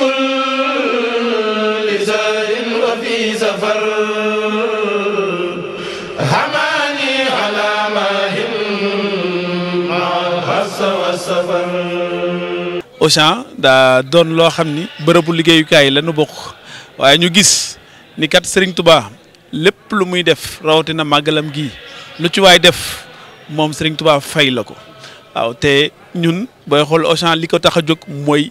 kulli zarin wa fi safar hamani ala mahim wa safar Auchan daa doon loo xam ni bërëbu liggéeyukaay la nu bokk waaye ñu gis ni kat Serigne lépp lu muy def rawatina màggalam gi lu ci waay def moom Serigne fay la ko waaw te ñun booy xool Auchan li ko tax a jóg mooy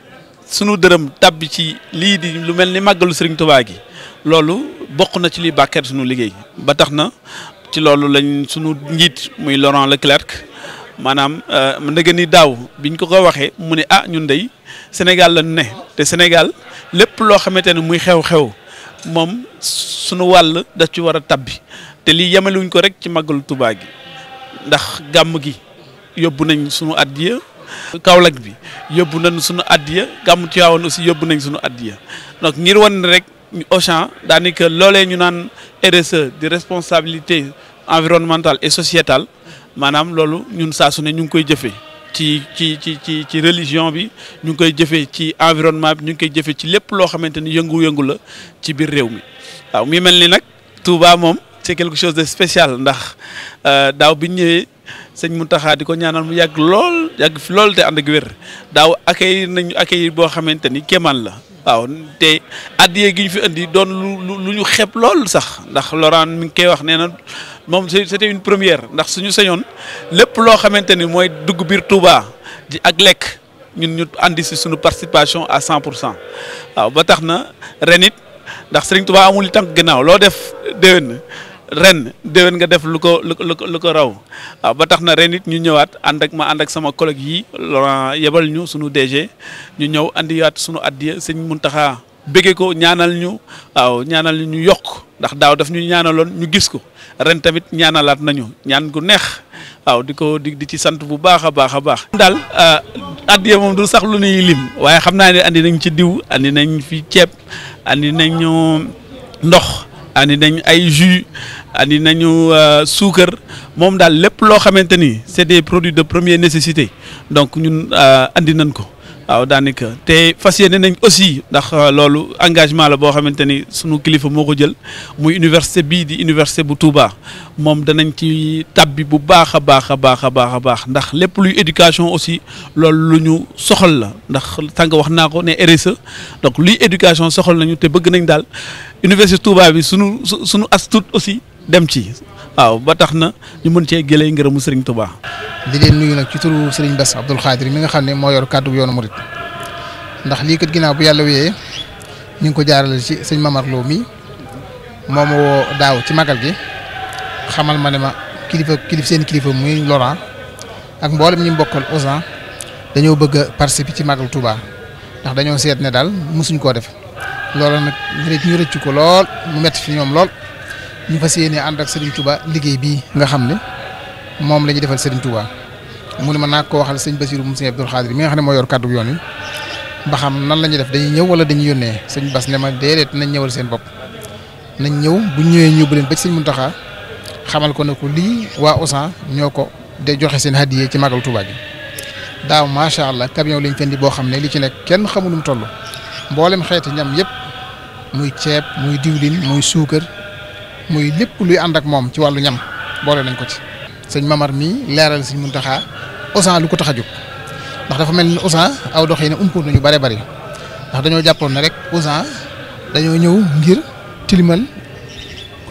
sunu dërëm tàbbi ci lii di lu mel ni màggalu Serigne tubaa gi loolu bokk na ci liy bàkkeer sunu liggéey ba tax na ci loolu lañ sunu njiit muy la Leclerc maanaam euh, ndege ni daaw biñ ko ko waxee mu ne ah ñu dey Sénégal la ne te Sénégal lépp loo xamante ne muy xew-xew moom sunu wàll da ci war a tabbi te lii yemaluñ ko rek ci màggalu Touba gi ndax gàmm gi yóbbu nañ sunu addiya Kaolack bi yóbbu nañu suñu nous gamu aussi suñu adiya donc ngir won rek Auchan lolé ñu RSE responsabilité environnementale et sociétale manam nous ñun nous koy jëfé ci ci ci religion bi ñu koy jëfé ci environnement bi ñu koy jëfé ci lépp lo xamanteni yëngu c'est quelque chose de spécial ndax euh, daw bi ñëwé moutakha diko ñaanal mu yag yàgg fi loolu te ànd ak wér daaw accueil nañu akay bo xamanteni ni la waaw te addiye gi ñu fi andi doon lu lu ñu xeeb sax ndax Laurent mi ngi koy wax nee mom c'était une première ndax suñu sañoon lepp lo xamanteni moy mooy dugg biir Touba ji ak lek ñun ñu andi ci suñu participation à 100 waaw ba taxna renit ndax Serigne Touba amul tank gënaaw lo def déwén. ren déwén nga def lu ko lu ko raw waaw ah, ba tax na ren it ñu ñëwaat ànd ak ma ànd ak sama collègue yi Laurent yebal ñu sunu DG ñu ñëw andiwaat sunu addiya sëñ taxa bëggee ko ñaanal ñu waaw ñaanal ñu ñu yokk ndax daaw daf ñu ñaanaloon ñu gis ko ren tamit ñaanalaat nañu ñaan ku neex waaw di ko di ci sant bu baax a baax a baax. daal ah, addiya moom du sax lu nuy lim waaye xam naa ne andi nañ ci diw andi nañ fi ceeb andi nañu ndox. andi ay jus andi nañu euh, sucre, moom daal lépp loo c'est des produits de première nécessité donc ñun euh, andi nañ ko waaw daanaka te fasiyene yéene nañ aussi ndax euh, loolu engagement la boo xamante ni sunu kilifa moo ko jël muy université bii di université bu Touba moom danañ ci tàbbi bu baax a baax a baax a baax a baax ndax lépp luy éducation aussi loolu lu ñu soxal la ndax tànk wax naa RSE e, donc luy éducation soxal nañu te bëgg nañ daal université Touba bi sunu sunu astut aussi dem ci waaw ba tax na ñu mën cee gëlee ngërëmu Serigne Touba. di nu nuyu nak ci turu Serigne Bass Abdoul Khadir mi nga xamne ne yor kaddu yoonu mourid ndax li kat ginaaw bu yalla wéyee ñu ko jaaral ci serigne Mamar Lo mi momo wo woo daaw ci magal gi xamal ma ne ma kilifa kilif seen kilifa muy Laurent ak mbolam ñi mbokal ozan dañu bëgg participer ci magal Touba ndax dañu sét ne dal mosuñ ko def nak nag ñu rëcc ko lool mu metti ci ñom lool ñu fas yéene ak Serigne Touba liggéey bi nga xamne moom la ñuy defal Serigne Touba mu ne ma naa ko waxal sëñ Basiru mu sëñ Abdul Xaadir mi nga xam ne moo yor kàddu yoon wi ba xam nan la ñuy def dañuy ñëw wala dañu yónnee sëñ Bas ne ma déedéet nañ ñëwal seen bopp nañ ñëw bu ñëwee ñëw ba leen ba ci mun Muntaxa xamal ko ne ko lii waa Auchan ñoo ko de joxe seen hadiye ci màggal Touba gi daaw macha allah camion lañ fendi boo xam ne li ci nekk kenn xamul nu toll mboolem xeeti ñam yëpp muy ceeb muy diwlin muy suukar muy lépp luy ànd ak moom ci wàllu ñam boole nañ ko ci. sëñ Mamar mii leeral sëñ Muntaxa Auchan lu ko tax a jóg ndax dafa mel ni Auchan aw dox yi ne umpoon nañu bare bari ndax dañoo jàppoon ne rek Auchan dañoo ñëw ngir tilimal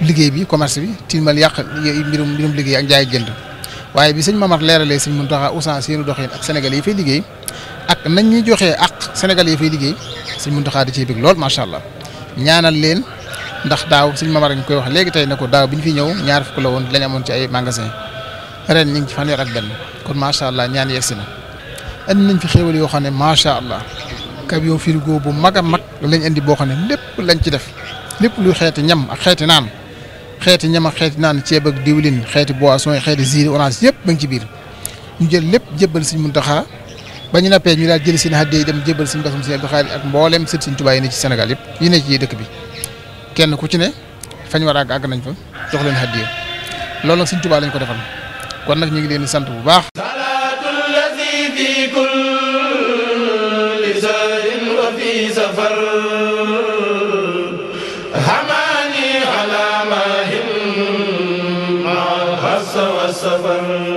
liggéey bi commerce bi tilimal yàq mbirum mbirum liggéey ak jaay jënd waaye bi sëñ Mamar leeralee sëñ Muntaxa Auchan seenu dox ak Sénégal yi fay liggéey ak nañ ñuy joxee ak Sénégal yi fay liggéey sëñ Muntaxa da cee bëgg lool macha allah ñaanal leen ndax daaw sëñ Mamar a ngi koy wax léegi tey ne ko daaw bi ñu fi ñëw ñaar fukk la woon lañ amoon ci ay magasin ren ñing ci fane rek ben kon ma sha allah ñaan yegsi na indi nañ fi xéwal yo xane ma sha allah camion frigo bu maga mag lañ indi bo xane lépp lañ ci def lépp lu xéti ñam ak xéti naan xéti ñam ak xéti naan ci bëg diwlin xéti boisson xéti xeeti orange yëpp bañ ci biir ñu jël lépp jëbël Sëriñ muntaha ba ñu nappee ñu daal jël seen hadde dem jëbël Sëriñ Bassirou seen Abdou ak mboolem sët Sëriñ Tuubaa yi ne ci Sénégal yëpp yi ne ci dëkk bi kenn ku ci ne fañ wara a àgg nañ fa jox leen hadde loolu nag Sëriñ lañ ko defal kon nak ñi ngi leen di sant bu baax السفر